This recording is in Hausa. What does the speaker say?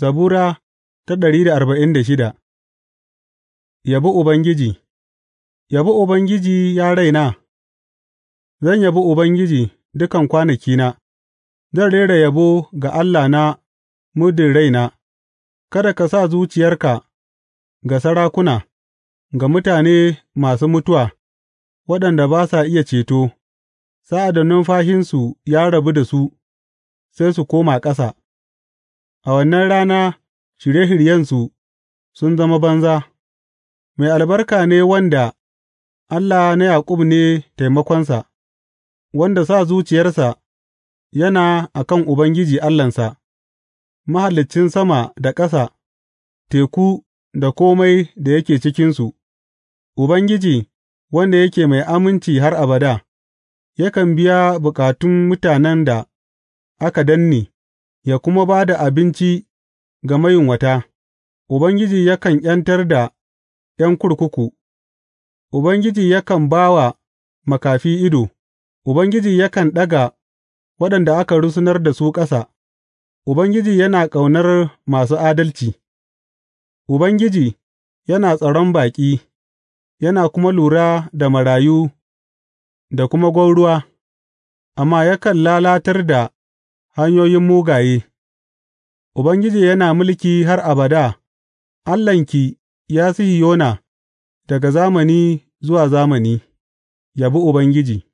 Zabura ta ɗari da arba'in da shida Yabi Ubangiji Yabi Ubangiji, ya raina, zan yabi Ubangiji dukan kwanakina, zan rera yabo ga allah na muddin raina, kada ka sa zuciyarka ga sarakuna, ga mutane masu mutuwa, waɗanda ba sa iya ceto, sa'ad da numfashinsu ya rabu da su, sai su koma ƙasa. A wannan rana shirye shiryensu sun zama banza; mai albarka ne wanda Allah na Yaƙub ne taimakonsa, wanda sa zuciyarsa yana a kan Ubangiji Allahnsa, Mahaliccin sama da ƙasa, teku da komai da yake cikinsu, Ubangiji, wanda yake mai aminci har abada, yakan biya bukatun mutanen da aka danne. ya kuma ba da abinci ga mayunwata, Ubangiji yakan ’yantar da ’yan kurkuku, Ubangiji yakan ba wa makafi ido, Ubangiji yakan ɗaga waɗanda aka rusunar da su ƙasa, Ubangiji yana ƙaunar masu adalci, Ubangiji yana tsaron baƙi, yana kuma lura da marayu da kuma gwauruwa, amma yakan lalatar da hanyoyin mugaye Ubangiji yana mulki har abada, Allahnki, ya Sihiyona, daga zamani zuwa zamani; yabi Ubangiji.